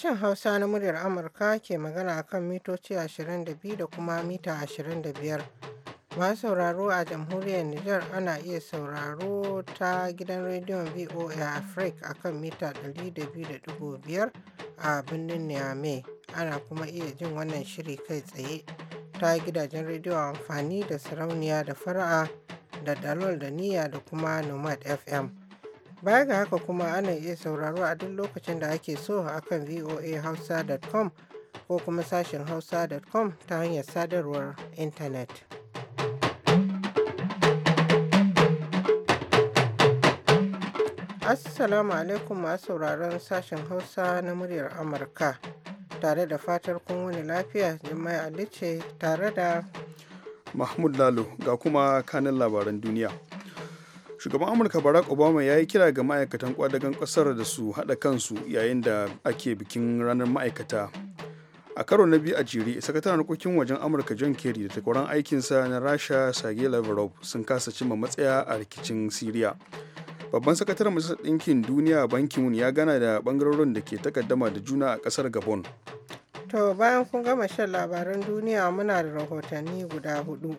Sashen Hausa na muryar Amurka ke magana a kan mitoci 22 da kuma mita 25. Masu sauraro a jamhuriyar Nijar ana iya sauraro ta gidan rediyon VOA Africa a kan mita 200.5 a birnin Niamey. Ana kuma iya jin wannan shiri kai tsaye ta gidajen rediyo amfani da sarauniya da fara'a da dalol da niyya da kuma Nomad FM. Baya ga haka kuma ana iya sauraro a duk lokacin da ake so a kan voahausa.com ko kuma sashen hausa.com ta hanyar sadarwar intanet. Assalamu alaikum masu sauraron sashen Hausa na muryar Amurka. Tare da fatar kun wani lafiya, jima'i alice tare da Mahmud Lalo ga kuma kanin labaran duniya. shugaban amurka barack obama ya yi kira ga ma'aikatan kwadagan kasar da su haɗa kansu yayin da ake bikin ranar ma'aikata a karo na biyu a jere sakataren harkokin wajen amurka john kerry da takwaran aikinsa na rasha sergei lavrov sun kasa cimma matsaya a rikicin syria babban sakataren majalisar ɗinkin duniya bankin moon ya gana da bangarorin da ke takaddama da juna a ƙasar gabon to bayan kun gama shan labaran duniya muna da rahotanni guda hudu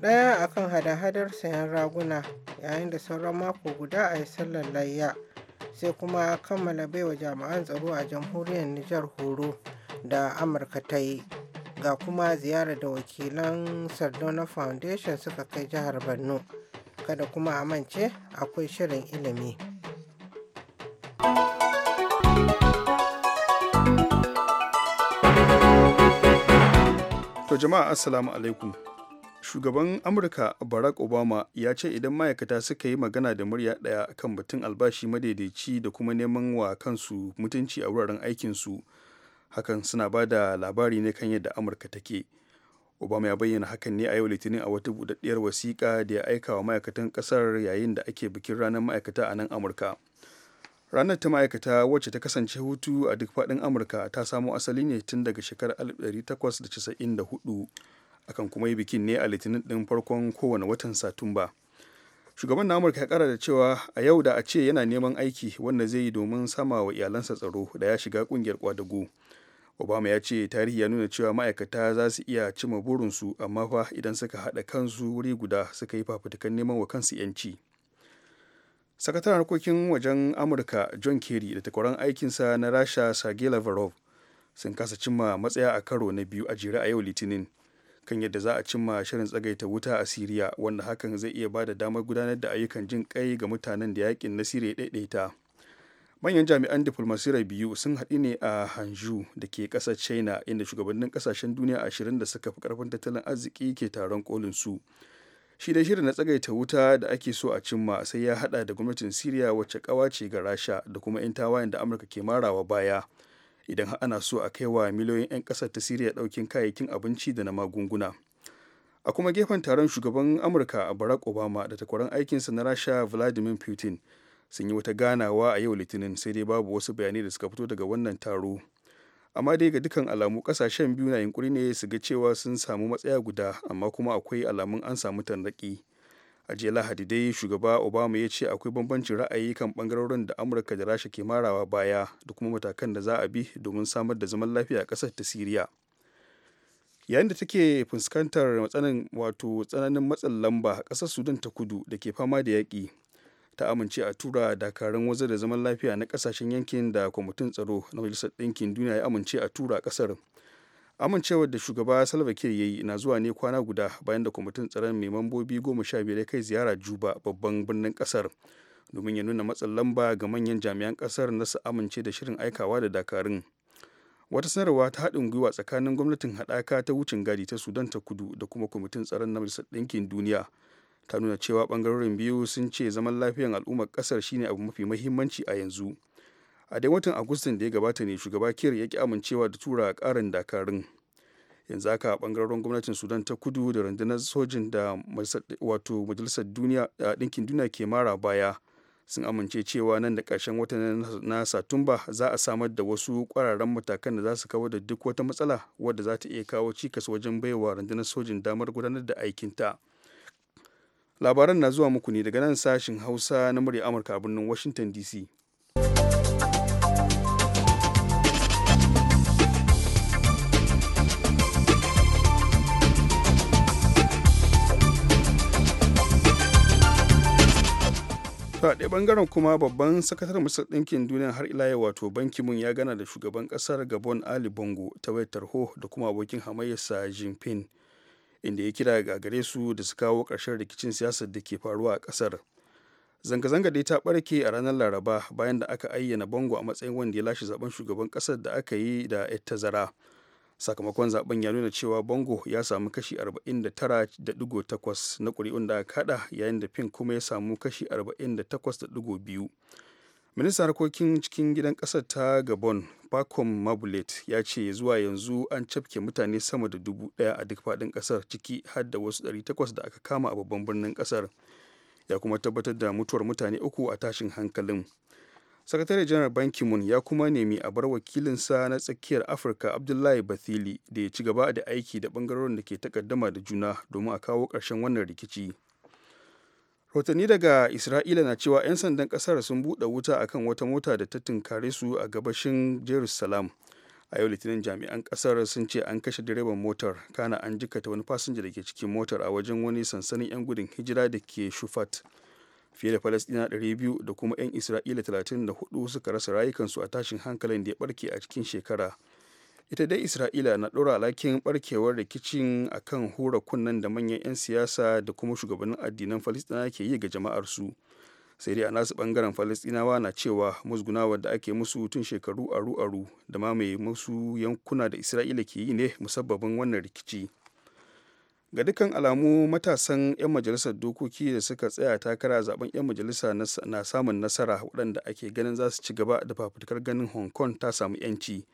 ɗaya a kan hada-hadar sayan raguna yayin da sauran mako guda a yi sallar layya sai kuma kammala baiwa jami'an tsaro a jamhuriyar nijar horo da amurka ta yi ga kuma ziyara da wakilan sardauna foundation suka kai jihar borno kada kuma a mance akwai shirin ilimi to jama'a assalamu alaikum shugaban amurka barack obama ya ce idan ma'aikata suka yi magana da murya daya kan batun albashi madaidaici da kuma neman wa kansu mutunci a wuraren aikinsu hakan suna ba da labari ne kan yadda amurka take obama ya bayyana hakan ne a yau litinin a wata budaddiyar wasiƙa da ya aika wa ma'aikatan ƙasar yayin da ake bikin ranar ma'aikata a nan amurka ranar ta ma'aikata wacce ta kasance hutu a duk faɗin amurka ta samo asali ne tun daga shekarar 1894 akan kuma yi bikin ne a litinin ɗin farkon kowane watan satumba shugaban na amurka ya kara da cewa a yau da a ce yana neman aiki wanda zai yi domin sama wa iyalansa tsaro da ya shiga kungiyar kwadago obama ya ce tarihi ya nuna cewa ma'aikata za su iya cima burinsu amma fa idan suka haɗa kansu wuri guda suka yi fafutukan neman wa kansu yanci sakataren harkokin wajen amurka john kerry da takwaran aikinsa na rasha sergei lavrov sun kasa cimma matsaya a karo na biyu a jere a yau litinin kan yadda za a cimma shirin tsagaita wuta a siriya wanda hakan zai iya ba da damar gudanar da ayyukan jin kai ga mutanen da yakin na siriya daidaita manyan jami'an diflomasiyar biyu sun haɗu ne a hanju da ke ƙasar china inda shugabannin ƙasashen duniya ashirin da suka fi ƙarfin tattalin arziki ke taron kolin su shi da shirin na tsagaita wuta da ake so a cimma sai ya haɗa da gwamnatin siriya wacce kawace ga rasha da kuma 'yan tawayen da amurka ke marawa baya idan ana so a kai wa miliyoyin 'yan ƙasar ta siriya ɗaukin kayayyakin abinci da na magunguna a kuma gefen taron shugaban amurka a barack obama da takwaran aikinsa na rasha vladimir putin sun yi wata ganawa a yau litinin sai dai babu wasu bayanai da suka fito daga wannan taro amma dai ga dukkan alamu kasashen biyu na yunkuri ne su ga cewa sun samu matsaya guda amma kuma akwai alamun an samu tanraki a jiya lahadi dai shugaba obama ya ce akwai bambancin ra'ayi kan bangarorin da amurka da rasha ke marawa baya da kuma matakan da za a bi domin samar da zaman lafiya a ƙasar ta siriya yayin da take fuskantar matsanin wato tsananin matsin lamba ƙasar sudan ta kudu da ke fama da yaƙi ta amince a tura dakarun waje da zaman lafiya na ƙasashen yankin da kwamitin tsaro na majalisar ɗinkin duniya ya amince a tura ƙasar amincewar da shugaba salva kiir ya yi na zuwa ne kwana guda bayan da kwamitin tsaron mai mambobi goma sha biyar ya kai ziyara juba babban birnin kasar domin ya nuna matsin lamba ga manyan jami'an kasar na su amince da shirin aikawa da dakarun wata sanarwa ta haɗin gwiwa tsakanin gwamnatin haɗaka ta wucin gadi ta sudan ta kudu da kuma kwamitin tsaron na majalisar ɗinkin duniya ta nuna cewa bangarorin biyu sun ce zaman lafiyan al'ummar kasar shine abu mafi mahimmanci a yanzu a dai watan agustan da ya gabata ne shugaba kiyar ya ki amincewa da tura karin dakarun yanzu haka bangarorin gwamnatin sudan ta kudu da rundunar sojin da wato majalisar duniya ɗinkin duniya ke mara baya sun amince cewa nan da ƙarshen watan na satumba za a samar da wasu ƙwararren matakan da za su kawo da duk wata matsala wadda za ta iya kawo cikas wajen baiwa rundunar sojin damar gudanar da aikinta labaran na zuwa muku ne daga nan sashin hausa na murya amurka a birnin washington dc ta ɗaya bangaren kuma babban sakataren masar ɗinkin duniya har ila yau wato banki mun ya gana da shugaban ƙasar gabon ali bongo ta wayar tarho da kuma abokin hamayyarsa jinping inda ya kira ga gare su da su kawo ƙarshen rikicin siyasar da ke faruwa a ƙasar zanga-zanga dai ta ɓarke a ranar laraba bayan da aka ayyana bongo a matsayin wanda ya lashe zaben shugaban ƙasar da aka yi da tazara. sakamakon zaben ya nuna cewa bango ya samu kashi 49.8 na kuri'un da aka kada yayin da pink kuma ya samu kashi 48.2 ministan harkokin cikin gidan kasar ta gabon pacom mabulet ya ce zuwa yanzu an cafke mutane sama da dubu daya a duk fadin kasar ciki har da wasu 800 da aka kama a babban birnin kasar ya kuma tabbatar da mutuwar mutane uku a tashin hankalin sakatare janar bankin mun ya kuma nemi a bar wakilinsa na tsakiyar afirka abdullahi bathili da ya ci gaba da aiki da bangarorin da ke takaddama da juna domin a kawo karshen wannan rikici rahotanni daga isra'ila na cewa 'yan sandan kasar sun buɗe wuta akan wata mota da ta tunkare su a gabashin jerusalem a yau litinin jami'an ƙasar sun ce an kashe direban motar kana an jikata wani fasinja da ke cikin motar a wajen wani sansanin 'yan gudun hijira da ke shufat fiye da falasdina 200 da kuma 'yan isra'ila 34 suka rasa rayukansu a tashin hankalin da ya barke a cikin shekara ita dai isra'ila na ɗora alakin barkewar rikicin a kan hura kunnen da manyan 'yan siyasa da kuma shugabannin addinan falasdina ke yi ga jama'arsu sai dai a nasu bangaren falasdinawa na cewa musgunawa da ake musu tun shekaru aru-aru da mamaye musu yankuna da isra'ila ke yi ne musabbabin wannan rikici. ga dukkan alamu matasan 'yan majalisar dokoki da suka tsaya takara zaben 'yan majalisa na samun nasara waɗanda ake ganin za su ci gaba da fafutukar ganin hong kong ta samu 'yanci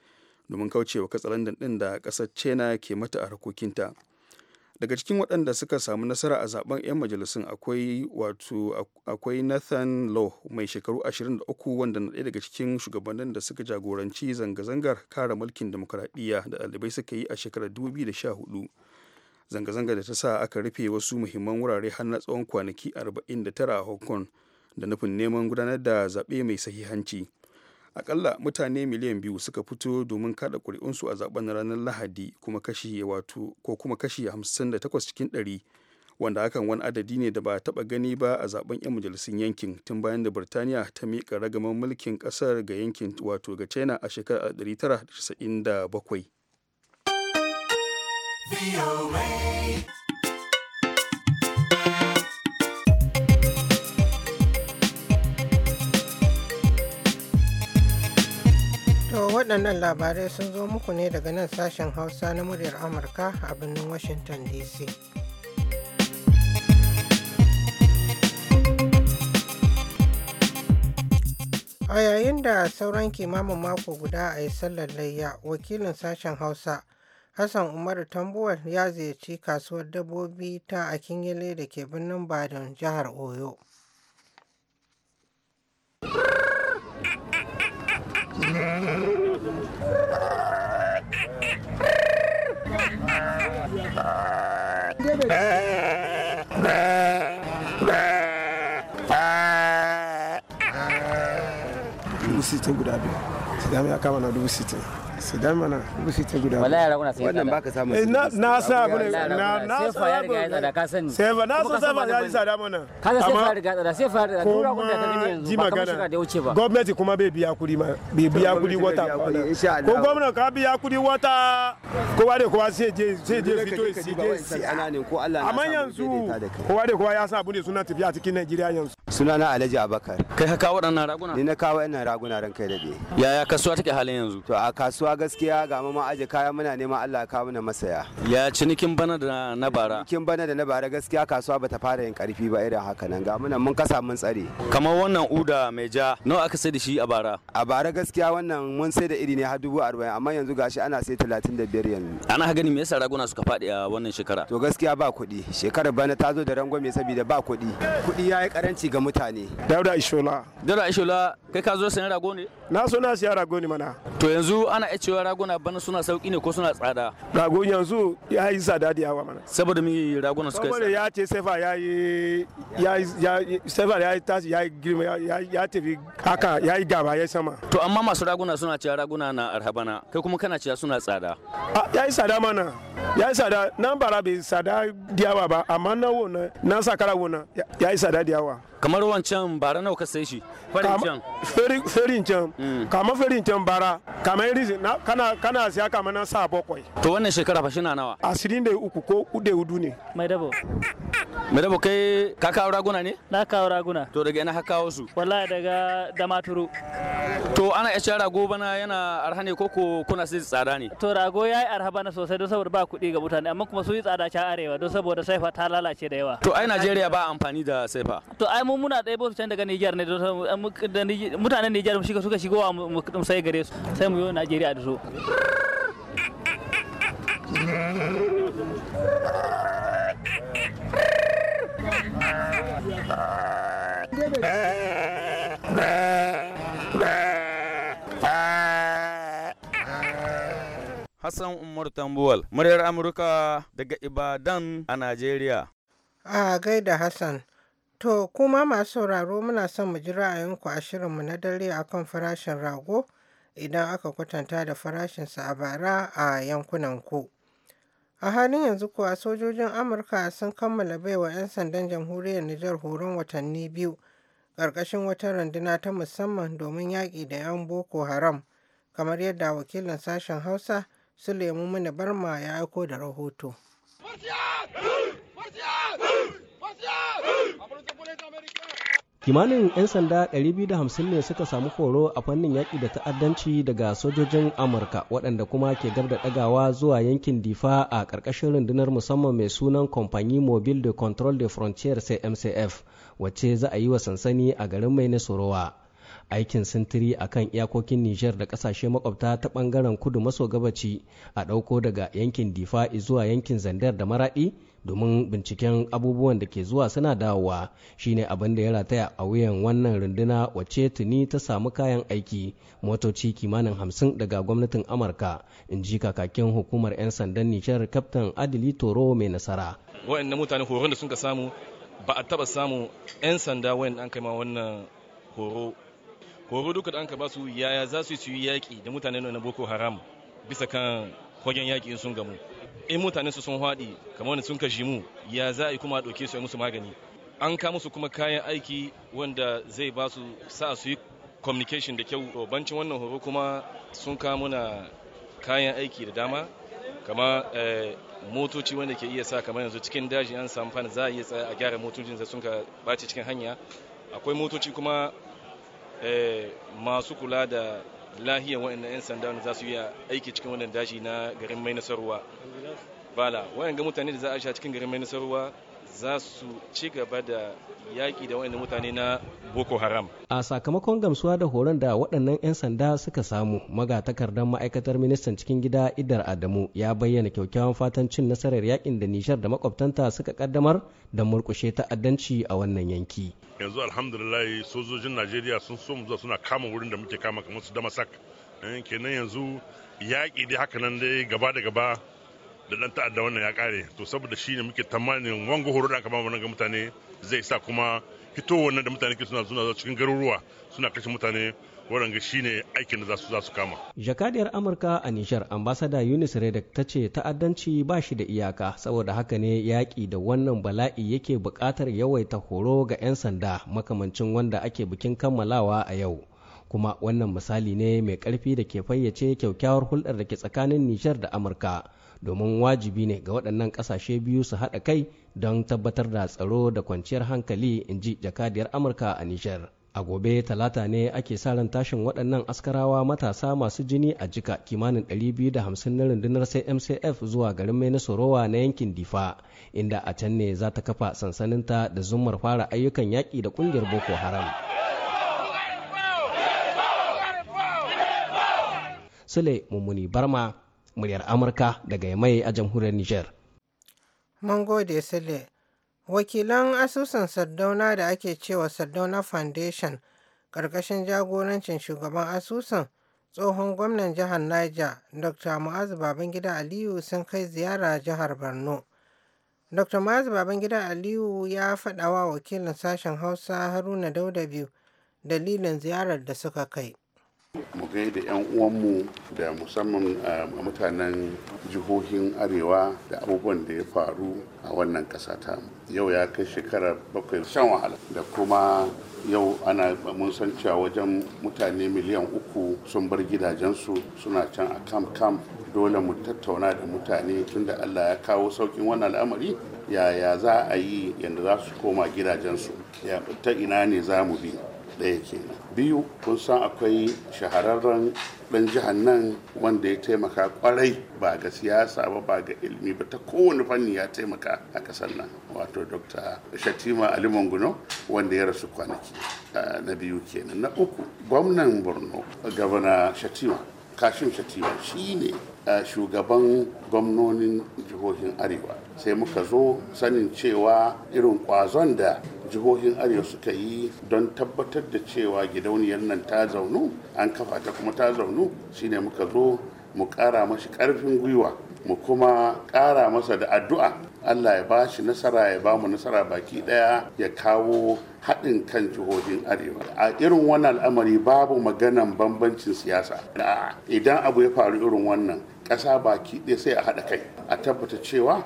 domin kaucewa katsalandan ɗin da ƙasar china ke mata a harkokinta daga cikin waɗanda suka samu nasara a zaben 'yan majalisun akwai wato akwai nathan law mai shekaru 23 wanda na ɗaya daga cikin shugabannin da suka jagoranci zanga-zangar kare mulkin dimokuraɗiyya da ɗalibai suka yi a shekarar 2014 zanga-zanga da ta sa aka rufe wasu muhimman wurare har na tsawon kwanaki 49 a hong kong da nufin neman gudanar da zaɓe mai sahihanci akalla mutane miliyan biyu suka fito domin kada ƙuri'unsu a zaben ranar lahadi kuma kashi wato ko kuma kashi 58 cikin 100 wanda hakan wani adadi ne da ba taɓa gani ba a zaɓen 'yan majalisun yankin tun bayan da birtaniya ta miƙa ragaman mulkin ƙasar ga yankin wato ga china a shekarar 1997 To waɗannan labarai sun zo muku ne daga nan sashen Hausa na muryar Amurka a birnin Washington DC. A yayin da sauran kimamin mako guda a yi sallar layya, wakilin sashen Hausa Hassan Umar, Tambuwal ya ziyarci kasuwar dabbobi ta Akinyele da ke birnin Badon, jihar Oyo. dubu sitin guda biyu sitin ya kama na dubu sitin su da mana gusi ta guda wallahi raguna sai wannan baka samu eh, na na sa bane na na sai fa ya riga ya tsada ka sani sai fa na so sai ya ji tsada mana kaga sai fa riga tsada sai fa riga da yanzu ba ka shiga da wuce ba gwamnati kuma bai biya kudi ma bai biya wata ko gwamnati ka biya kudi wata kowa da kowa sai je sai je fito sai je sai ananin ko Allah amma yanzu kowa da kowa ya san abin suna tafiya cikin Najeriya yanzu sunana Alhaji Abakar kai ka kawo waɗannan raguna ni na kawo waɗannan raguna ran kai da yaya kasuwa take halin yanzu to a kasuwa gaskiya ga mama aje kaya muna neman Allah ka mana masaya ya cinikin bana da na bara cinikin bana da na bara gaskiya kasuwa bata fara yin karfi ba irin haka nan ga muna mun kasa mun tsare kamar wannan uda mai ja nawa aka sai da shi a bara a bara gaskiya wannan mun sai da iri ne har dubu arba'in amma yanzu gashi ana sai talatin da biyar yanzu ana gani me yasa raguna suka faɗi a wannan shekara to gaskiya ba kuɗi shekarar bana ta zo da rangwame saboda ba kuɗi kuɗi ya yi karanci ga mutane dauda ishola dauda ishola kai ka zo sayan rago ne na so na siya rago ne mana to yanzu ana cewa raguna bana suna sauki ne ko suna tsada rago yanzu ya yi tsada da yawa mana saboda mi raguna suka yi saboda ya ce sefa ya yi sefa ya yi tashi ya yi girma ya tafi haka ya yi gaba ya sama to amma masu raguna suna cewa raguna na arhabana kai kuma kana cewa suna tsada ya yi tsada mana ya yi tsada nan bara bai tsada da yawa ba amma na wona na sakara wona ya yi tsada da yawa kamar wancan bara nawa ka sai shi farin can mm. kama farin can bara kama irin kana kana siya kama na sa bakwai to wannan shekara fa shi na nawa uku ko ude hudu ne mai dabo Madam kai ka kawo raguna ne? Na kawo raguna. To daga ina ka kawo su? Wallahi daga Damaturu. To ana iya cewa rago bana yana arha ne koko kuna sai tsada ne? To rago ya yi arha bana sosai don saboda ba kuɗi ga mutane amma kuma su yi tsada can arewa don saboda saifa ta lalace da yawa. To ai Najeriya ba amfani da saifa. To ai mun muna ɗaya bosu can daga Niger ne don mu Niger suka wa mu sai gare su sai mu yi Najeriya da su. Hassan Umar Tambuwal, muryar Amurka daga Ibadan a Najeriya. A gaida Hassan. To, kuma masu sauraro muna son mu ji ra'ayinku a shirinmu na dare akan farashin rago idan aka kwatanta da farashinsa a bara a yankunanku. A halin yanzu kuwa sojojin Amurka sun kammala baiwa 'yan sandan jamhuriyar Nijar horon watanni biyu ƙarƙashin wata runduna ta musamman domin yaƙi da 'yan Boko Haram, kamar yadda wakilin sashen Hausa Sulemu Mini Barma ya aiko da rahoto. kimanin 'yan sanda 250 ne suka samu horo a fannin yaƙi da ta'addanci daga sojojin amurka waɗanda kuma ke gab da ɗagawa zuwa yankin difa a ƙarƙashin rundunar musamman mai sunan kompanyi mobile de control de frontier cmcf wacce za a yi wa sansani a garin mai nasorowa aikin sintiri a kan iyakokin Nijar da kasashe makwabta ta bangaren kudu maso gabaci a ɗauko daga yankin Difa zuwa yankin Zandar da Maraɗi domin binciken abubuwan da ke zuwa suna dawowa shine abin da ya rataya a wuyan wannan runduna wacce tuni ta samu kayan aiki motoci kimanin hamsin daga gwamnatin amurka in ji kakakin hukumar 'yan sandan nijar kaftan adili toro mai nasara wa'annan mutane horon da suka samu ba a taba samu 'yan sanda wayan an kai ma wannan horo horo duka da an ka ba su yaya za su yi yaƙi da mutane na boko haram bisa kan kogin yaƙi in sun gamu in mutane su sun haɗi kamar wani sun kashi mu ya za a yi kuma a ɗauke su musu magani an kama su kuma kayan aiki wanda zai ba su sa su yi communication da kyau bancin wannan horo kuma sun kawo muna kayan aiki da dama kama eh, motoci wanda ke iya sa kamar yanzu cikin daji an samu fana za a iya tsaya a gyara motocin da sun ka ɓace cikin hanya akwai motoci kuma Eh, masu kula da lahiyar waɗannan 'yan sanda za su iya aiki cikin wannan dashi na garin mai nasarwa bala waɗanda mutane da za a sha cikin garin mai nasarwa za su ci gaba da yaƙi da wani mutane na boko haram a sakamakon gamsuwa da horon da waɗannan 'yan sanda suka samu magatakardar ma'aikatar ministan cikin gida idar adamu ya bayyana kyaukyawan fatan cin nasarar yaƙin da nishar da makwabtanta suka kaddamar da murkushe ta'addanci a wannan yanki yanzu alhamdulillah sojojin najeriya sun so mu suna kama wurin da muke kama kamar su damasak eh, kenan yanzu yaƙi dai haka nan dai gaba da gaba da dan ta'adda wannan ya kare to saboda shi ne muke tamanin wango horo da aka ba ga mutane zai sa kuma fito wannan da mutane ke suna zuwa cikin garuruwa suna kashe mutane waɗanda shi ne aikin da za su kama. Jakadiyar Amurka a Nijar ambasada Yunus Redek ta ce ta'addanci ba shi da iyaka saboda haka ne yaƙi da wannan bala'i yake buƙatar yawaita horo ga 'yan sanda makamancin wanda ake bikin kammalawa a yau. Kuma wannan misali ne mai ƙarfi da ke fayyace kyaukyawar hulɗar da ke tsakanin nishar da Amurka. domin wajibi ne ga waɗannan ƙasashe biyu su haɗa kai don tabbatar da tsaro da kwanciyar hankali in ji jakadiyar amurka a nijar a gobe talata ne ake sa ran tashin waɗannan askarawa matasa masu jini a jika kimanin 250 na rundunar mcf zuwa garin mai sorowa na yankin difa inda a can ne za ta kafa sansaninta da zumar fara ayyukan yaƙi da ƙungiyar boko haram sule mummuni barma muryar amurka daga mai a jamhuriyar niger mun gode sule wakilan asusun sardauna da ake cewa sardauna foundation ƙarƙashin jagorancin shugaban asusun tsohon gwamnan jihar niger dr mu'azu babangida aliyu sun kai ziyara jihar borno dr mu'azu babangida aliyu ya faɗawa wakilin sashen hausa haruna dauda biyu dalilin ziyarar da suka kai mu gaida 'yan uwanmu da musamman a eh, mutanen jihohin arewa da abubuwan da ya faru a wannan ƙasa ta yau ya kai shekara bakwai shan wahala da kuma yau ana mun san cewa wajen mutane miliyan uku sun bar gidajensu suna can a kam kam dole mu tattauna da mutane tunda allah ya kawo saukin wannan al'amari yaya za a yi yadda za su koma gidajensu ta ina ne za mu bi ɗaya kenan biyu kun san akwai shahararren ɗan jihar nan wanda ya taimaka kwarai ba ga siyasa ba ba ga ilimi ba ta kowane fanni ya taimaka a ƙasar nan wato dr shatima ali manguno wanda ya rasu kwanaki na biyu kenan na uku gwamnan borno gabana shatima kashim shatima shi ne shugaban gwamnonin jihohin arewa sai muka zo sanin cewa irin kwazon da jihohin arewa suka yi don tabbatar da cewa gidauniyar nan ta zaunu an kafa ta kuma ta zaunu shine muka zo mu kara mashi karfin gwiwa mu kuma kara masa da addu'a Allah ya bashi nasara ya bamu nasara baki ɗaya ya kawo haɗin kan jihohin arewa a irin wannan al'amari babu maganan bambancin siyasa idan abu ya faru irin wannan ƙasa baki ɗaya sai a haɗa kai a tabbata cewa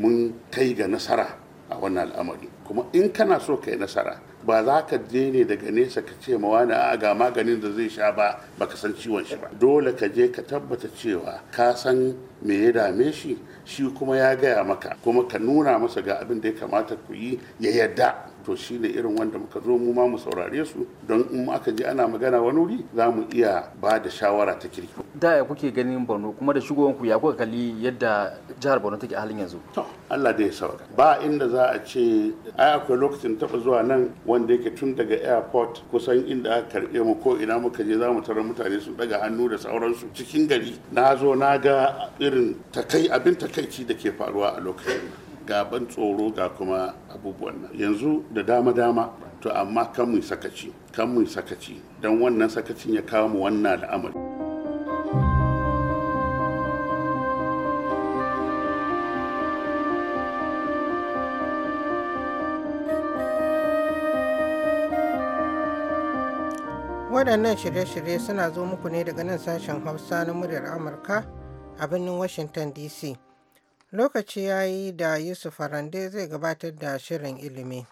mun kai ga nasara a wannan al'amari kuma in kana so ka yi nasara ba za ka je ne daga nesa ka ce ma wani a ga maganin da zai sha ba ba ka san ciwon shi ba dole ka je ka tabbata cewa ka san me ya dame shi shi kuma ya gaya maka kuma ka nuna masa ga abin da ya kamata ku yi ya yadda to shi ne irin wanda muka zo mu ma mu saurare su don in aka je ana magana wani wuri za mu iya ba da shawara ta kirki da ya kuke ganin borno kuma da shigowar ku ya kuka kalli yadda jihar borno take a halin yanzu to allah da ya sauka ba inda za a ce ai akwai lokacin taba zuwa nan wanda yake tun daga airport kusan inda aka karɓe mu ko ina muka je za mu tarar mutane su daga hannu da sauransu cikin gari na zo na ga irin takai abin takaici da ke faruwa a lokacin ga tsoro ga kuma abubuwan nan yanzu da dama dama to amma kan mu sakaci kan mu sakaci don wannan sakacin ya kawo mu wannan al'amari waɗannan shirye-shirye suna zo muku ne daga nan sashen hausa na muryar amurka a birnin washington dc Lokaci ya yi da Yusuf Farande zai gabatar da shirin ilimi.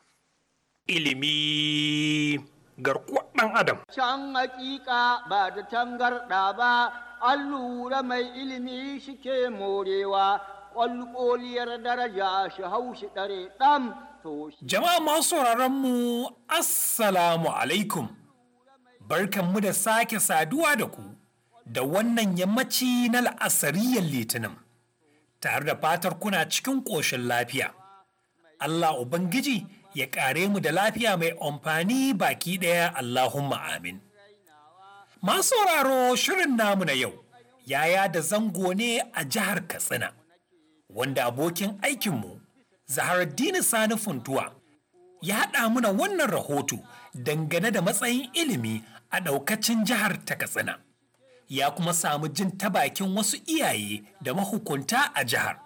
Ilimi garkuwar ɗan Adam. Can hakika ba da tangarɗa ba, allura mai ilimi shike morewa, ƙwalƙoliyar daraja shi haushi ɗare ɗam. Jama'a masu mu Assalamu alaikum. Barkanmu da sake saduwa da ku, da wannan yammaci na la'asariyar Litinin. tare da fatar kuna cikin ƙoshin lafiya. Allah Ubangiji ya ƙare mu da lafiya mai amfani baki ɗaya Allahumma amin. Masu sauraro shirin namu na yau, yaya da zango ne a jihar Katsina, wanda abokin aikinmu, Zaharaddini Sani Funtuwa, ya haɗa muna wannan rahoto dangane da matsayin ilimi a ɗaukacin jihar ta Katsina. ya kuma samu jin ta bakin wasu iyaye da mahukunta a jihar.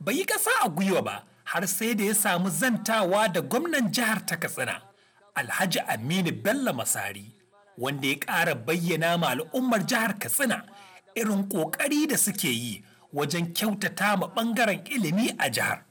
Bai yi ƙasa a gwiwa ba har sai da ya samu zantawa da gwamnan jihar ta Katsina, Alhaji Aminu Bello Masari, wanda ya ƙara bayyana ma al'ummar jihar Katsina irin ƙoƙari da suke yi wajen kyautata ma ɓangaren ilimi a jihar.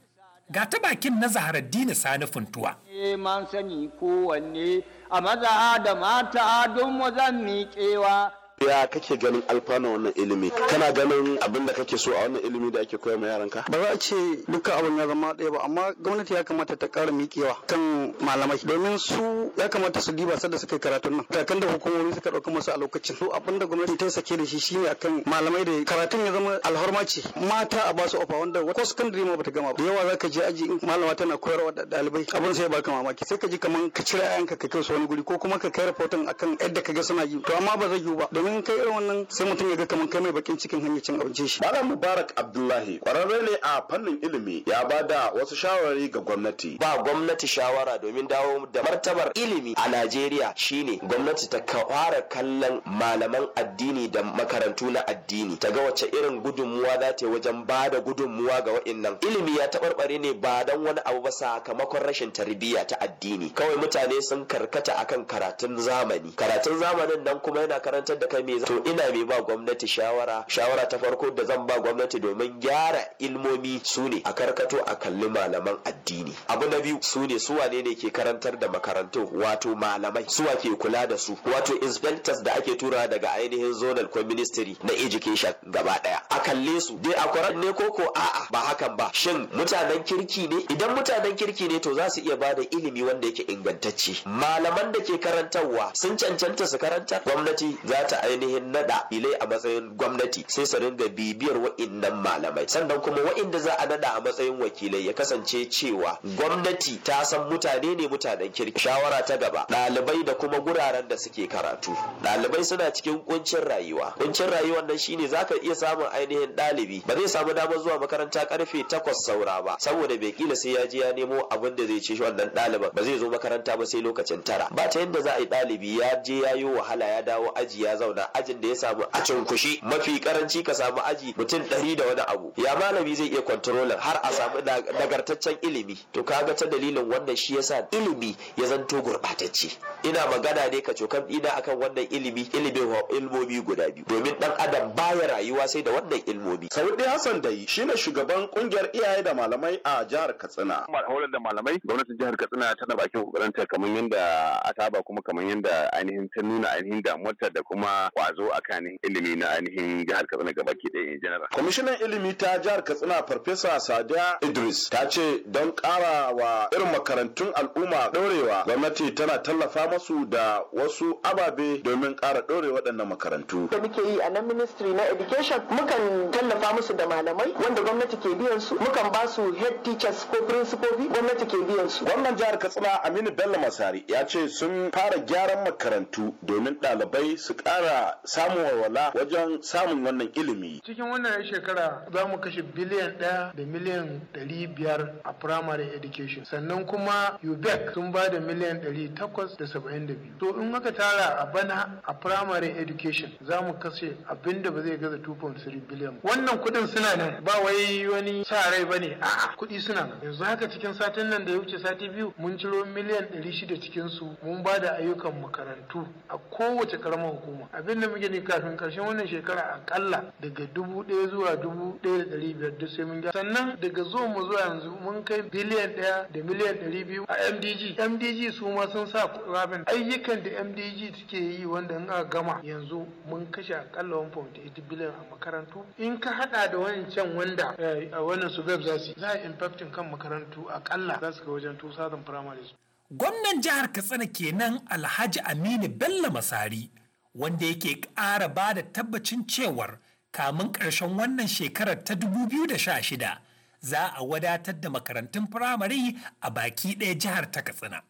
Ga ta bakin na Zaharaddini Sani Funtuwa. Eh, man sani kowanne a maza da mata don mu zan miƙewa. ya kake ganin alfanu wannan ilimi kana ganin abin da kake so a wannan ilimi da ake koya ma yaranka ba za a ce duka abin ya zama ɗaya ba amma gwamnati ya kamata ta ƙara miƙewa kan malamai domin su ya kamata su diba sadda suka yi karatun nan kakan da hukumomi suka ɗauka masu a lokacin so abin da gwamnati ta sake da shi shine akan malamai da karatun ya zama alhorma ce mata a basu ofa wanda ko secondary ma bata gama ba da yawa zaka je aji in malama tana koyarwa da ɗalibai abin sai baka mamaki sai ka ji kaman ka cira ka kai su wani guri ko kuma ka kai rahoton akan yadda ka ga suna yi to amma ba zai yiwu ba domin kai irin wannan sai mutum ya ga kamar kai mai bakin cikin hanyar cin abincin shi malam mubarak abdullahi kwararre ne a fannin ilimi ya ba da wasu shawarwari ga gwamnati ba gwamnati shawara domin dawo da martabar ilimi a najeriya shine gwamnati ta fara kallon malaman addini da makarantu na addini ta ga wace irin gudunmuwa za ta wajen ba da gudunmuwa ga wa'innan ilimi ya taɓarɓare ne ba don wani abu ba sakamakon rashin tarbiyya ta addini kawai mutane sun karkata akan karatun zamani karatun zamanin nan kuma yana karantar da haka me to ina mai ba gwamnati shawara shawara ta farko da zan ba gwamnati domin gyara ilmomi su ne a karkato a kalli malaman addini abu na biyu su ne su wane ne ke karantar da makarantu wato malamai suwa ke kula da su wato inspectors da ake tura daga ainihin zonal ministry na education gaba ɗaya. a kalle su dai a kwarar ne ko ko a'a ba hakan ba shin mutanen kirki ne idan mutanen kirki ne to za su iya bada ilimi wanda yake ingantacce malaman da ke karantarwa sun cancanta su karanta gwamnati za ta ainihin nada ilai a matsayin gwamnati sai su ringa bibiyar wa'innan malamai sannan kuma wa'inda za a nada a matsayin wakilai ya kasance cewa gwamnati ta san mutane ne mutanen kirki shawara ta gaba ɗalibai da kuma guraren da suke karatu ɗalibai suna cikin kuncin rayuwa kuncin rayuwan nan shine zaka iya samun ainihin ɗalibi ba zai samu damar zuwa makaranta karfe takwas saura ba saboda bai kila sai ya je ya nemo abin da zai ci wannan ɗaliban ba zai zo makaranta ba sai lokacin tara ba ta yadda za a yi ɗalibi ya je ya yi wahala ya dawo aji ya zauna mazauna ajin da ya samu a cunkushe mafi karanci ka samu aji mutum ɗari da wani abu ya malami zai iya kwantarolin har a samu nagartaccen ilimi to kaga ta dalilin wannan shi yasa ilimi ya zanto gurɓatacce ina magana ne ka cokan ina akan wannan ilimi ilimin ilmomi guda biyu domin dan adam baya rayuwa sai da wannan ilmomi Sau saudi hassan dai shine shugaban kungiyar iyaye da malamai a jihar katsina horar da malamai gwamnatin jihar katsina tana bakin kokarinta kamar yadda a saba kuma kamar yadda ainihin ta nuna ainihin damuwarta da kuma kwazo a kan ilimi na ainihin jihar Katsina ke da in general. Kwamishinan ilimi ta jihar Katsina Farfesa Sadiya Idris ta ce don ƙara wa irin makarantun al'umma ɗorewa gwamnati tana tallafa masu da wasu ababe domin ƙara ɗore waɗannan makarantu. Da muke yi a nan ministry na education mukan tallafa musu da malamai wanda gwamnati ke biyan su mukan ba su head teachers ko principal, gwamnati ke biyan su. Gwamnan jihar Katsina Aminu Bello Masari ya ce sun fara gyaran makarantu domin ɗalibai su ƙara ƙara samun walwala wajen samun wannan ilimi. Cikin wannan shekara za mu kashe biliyan ɗaya da miliyan ɗari biyar a primary education. Sannan kuma UBEC sun ba da miliyan ɗari takwas da saba'in da biyu. To in aka tara a bana a primary education za mu kashe abin da ba zai gaza 2.3 biliyan. Wannan kuɗin suna nan ba wai wani sa rai ba ne a'a kuɗi suna nan. Yanzu haka cikin satin nan da ya wuce sati biyu mun ciro miliyan ɗari shida su mun ba da ayyukan makarantu a kowace ƙaramar hukuma. abin da muke ne kafin karshen wannan shekara akalla daga dubu ɗaya zuwa dubu ɗaya da ɗari biyar duk sai mun ga sannan daga zo mu zuwa yanzu mun kai biliyan ɗaya da miliyan ɗari biyu a mdg mdg su ma sun sa rabin ayyukan da mdg suke yi wanda in aka gama yanzu mun kashe akalla 1.8 biliyan a makarantu in ka haɗa da wancan wanda eh, a wannan su za su za a impacting kan makarantu akalla za su ga wajen 2000 primary gwamnan jihar katsina kenan alhaji aminu bello masari wanda yake ƙara ba da tabbacin cewar kamun ƙarshen wannan shekarar ta 2016 za a wadatar da makarantun firamare a baki ɗaya jihar ta katsina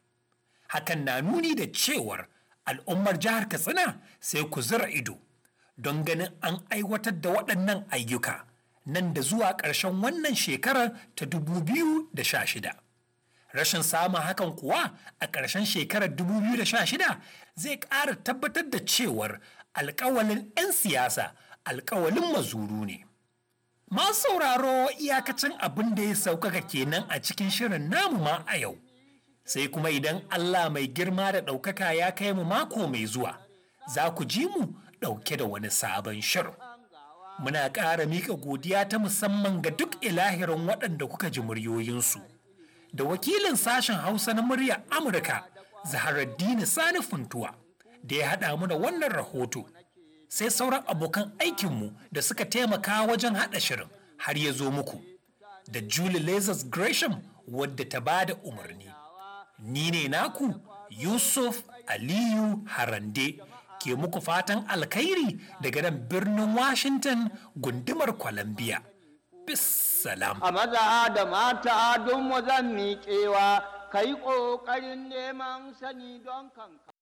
hakan na nuni da cewar al'ummar jihar katsina sai ku zura ido don ganin an aiwatar da waɗannan ayyuka nan da zuwa ƙarshen wannan shekarar ta 2016 Rashin samun hakan kuwa a ƙarshen shekarar 2016 zai ƙara tabbatar da cewar alƙawalin 'yan siyasa alƙawalin mazuru ne. Masu sauraro iyakacin abin da ya sauƙaƙa kenan a cikin shirin namu ma a yau. Sai kuma idan Allah mai girma da ɗaukaka ya kai mu mako mai zuwa, za ku ji mu ɗauke da wani sabon shirin. Muna ƙara miƙa godiya ta musamman ga duk ilahirin waɗanda kuka ji muryoyinsu. da wakilin sashen Hausa na muryar Amurka Zaharaddini Sani Funtuwa da ya haɗa mu da wannan rahoto. Sai sauran abokan aikinmu da suka taimaka wajen haɗa shirin har ya zo muku. Da Julie Lazarus Gresham wadda ta ba da umarni. Ni ne naku Yusuf Aliyu Harande ke muku fatan alkhairi daga nan birnin Washington gundumar Columbia. bisalam a maza da mata don zan miƙewa ka yi ƙoƙarin neman sani don kanka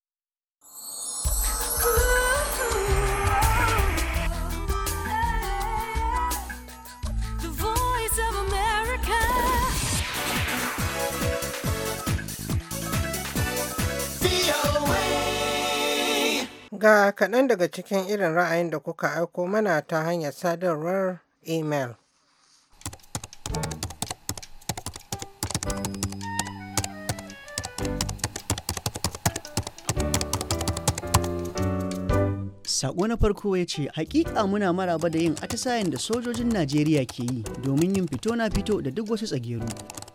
Ga kaɗan daga cikin irin ra'ayin da kuka aiko mana ta hanyar sadarwar email. Sako na farko ya ce, hakika muna maraba da yin atisayen da sojojin Najeriya ke yi domin yin fito na fito da duk wasu tsagero.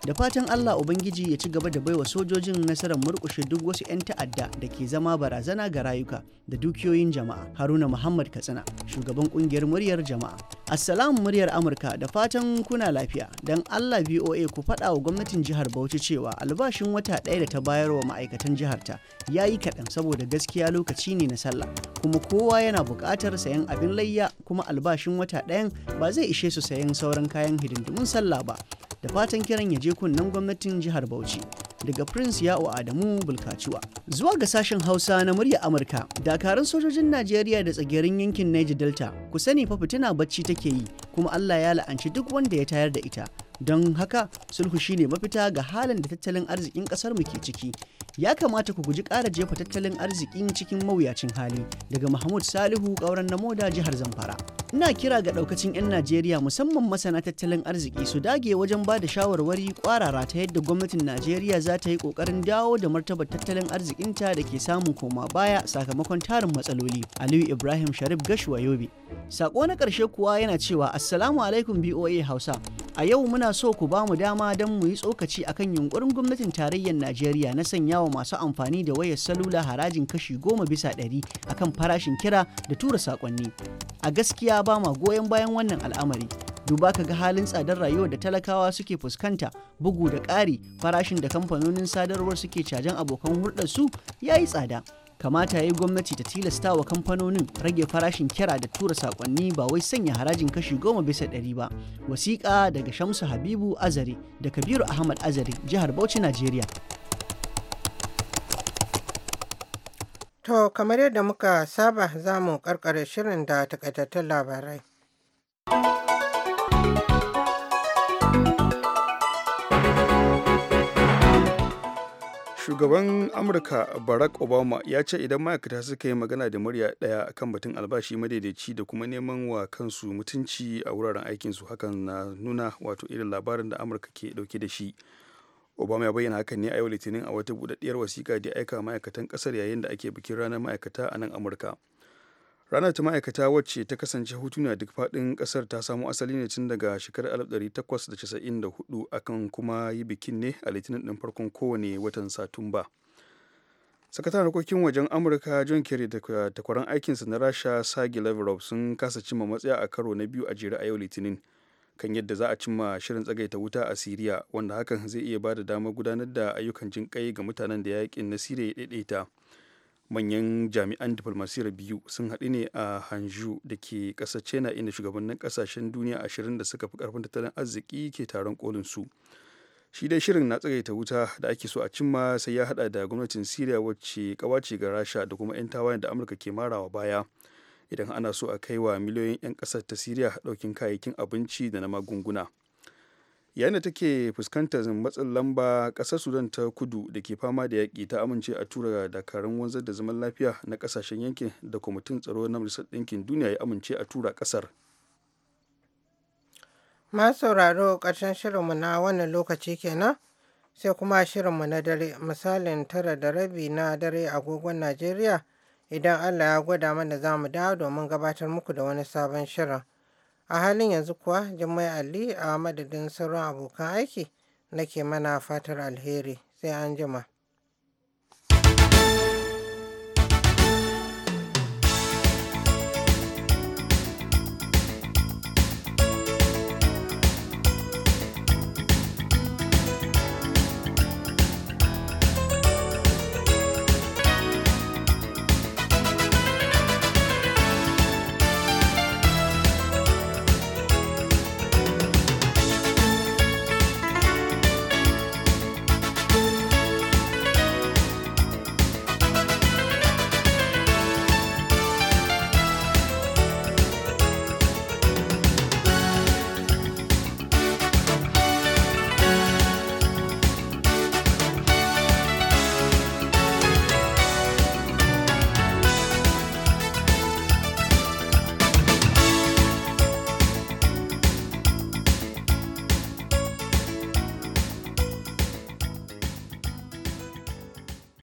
da fatan allah ubangiji ya ci gaba da baiwa sojojin nasarar murkushe duk wasu 'yan ta'adda da ke zama barazana ga rayuka da dukiyoyin jama'a haruna muhammad katsina shugaban kungiyar muryar jama'a assalamu muryar amurka da fatan kuna lafiya don allah voa ku faɗa wa gwamnatin jihar bauchi cewa albashin wata ɗaya da ta bayar wa ma'aikatan jihar ta ya yi kaɗan saboda gaskiya lokaci ne na sallah kuma kowa yana buƙatar sayan abin layya kuma albashin wata ɗayan ba zai ishe su sayan sauran kayan hidindimun sallah ba da fatan kiran ya je kunnen gwamnatin jihar Bauchi. daga Prince Ya'u Adamu Bulkaciwa. Zuwa ga sashen Hausa na murya Amurka, dakarun sojojin Najeriya da tsagerin yankin Niger Delta, ku sani fa fitina bacci take yi, kuma Allah ya la'anci duk wanda ya tayar da ita. don haka sulhu shine mafita ga halin da tattalin arzikin kasar mu ke ciki ya kamata ku guji ƙara jefa tattalin arzikin cikin mawuyacin hali daga mahmud salihu ƙauren namoda jihar zamfara ina kira ga ɗaukacin 'yan najeriya musamman masana tattalin arziki su dage wajen ba da shawarwari kwarara ta yadda gwamnatin najeriya za ta yi ƙoƙarin dawo da martabar tattalin arzikinta da ke samun koma baya sakamakon tarin matsaloli aliyu ibrahim sharif gashuwa yobe sako na ƙarshe kuwa yana cewa assalamu alaikum boa hausa A yau muna so ku ba mu dama don mu yi tsokaci a kan yunkurin gwamnatin tarayyar Najeriya na sanya wa masu amfani da wayar salula harajin kashi goma bisa ɗari a kan farashin kira da tura saƙonni. A gaskiya ba ma goyon bayan wannan al'amari. duba ka ga halin tsadar rayuwar da talakawa suke fuskanta bugu da ƙari farashin da kamfanonin sadarwar suke cajan abokan hulɗar su ya yi tsada kamata ya yi gwamnati ta tilasta wa kamfanonin rage farashin kira da tura saƙonni ba wai sanya harajin kashi goma bisa ɗari ba wasiƙa daga shamsu habibu azari da kabiru ahmad azari jihar bauchi najeriya to kamar yadda muka saba za mu karkare shirin da takaitattun labarai shugaban amurka barack obama ya ce idan ma'aikata suka yi magana da murya daya kan batun albashi madaidaici da kuma neman wa kansu mutunci a wuraren aikinsu hakan na nuna wato irin labarin da amurka ke dauke da shi obama ya bayyana hakan ne a yau litinin a wata budaddiyar wasiƙa da aika ma'aikatan ƙasar yayin da ake bikin ranar ma'aikata a nan amurka ranar ta ma'aikata wacce ta kasance hutu ne a duk faɗin kasar ta samo asali ne tun daga shekarar 1894 akan kuma yi bikin ne a litinin ɗin farkon kowane watan satumba sakataren harkokin wajen amurka john kerry da takwaran aikinsa na rasha sagi lavrov sun kasa cimma matsaya a karo na biyu a jere a yau litinin kan yadda za a cimma shirin tsagaita wuta a siriya wanda hakan zai iya ba da damar gudanar da ayyukan jin ga mutanen da yakin na siriya ya daidaita manyan jami'an diflomasiyyar biyu sun haɗu ne a hanju da ke ƙasar china inda shugabannin ƙasashen duniya ashirin da suka fi ƙarfin tattalin arziki ke taron kolin su shi dai shirin na tsagaita wuta da ake so a cimma sai ya haɗa da gwamnatin syria wacce kawace ga rasha da kuma 'yan tawayen da amurka ke marawa baya idan ana so a kai wa miliyoyin 'yan ƙasar ta syria ɗaukin kayayyakin abinci da na magunguna yayin da take fuskantar matsin lamba ƙasar sudan ta kudu da ke fama da yaƙi ta amince a tura dakarun wanzar da zaman lafiya na ƙasashen yankin da kwamitin tsaro na majalisar ɗinkin duniya ya amince a tura ƙasar ma sauraro ƙarshen shirinmu na wannan lokaci kenan sai kuma shirinmu na dare misalin tara da rabi na dare agogon najeriya idan allah ya gwada mana za mu dawo domin gabatar muku da wani sabon shirin A halin yanzu kuwa Jummai Ali a madadin sauran abokan aiki nake mana fatar alheri sai an jima.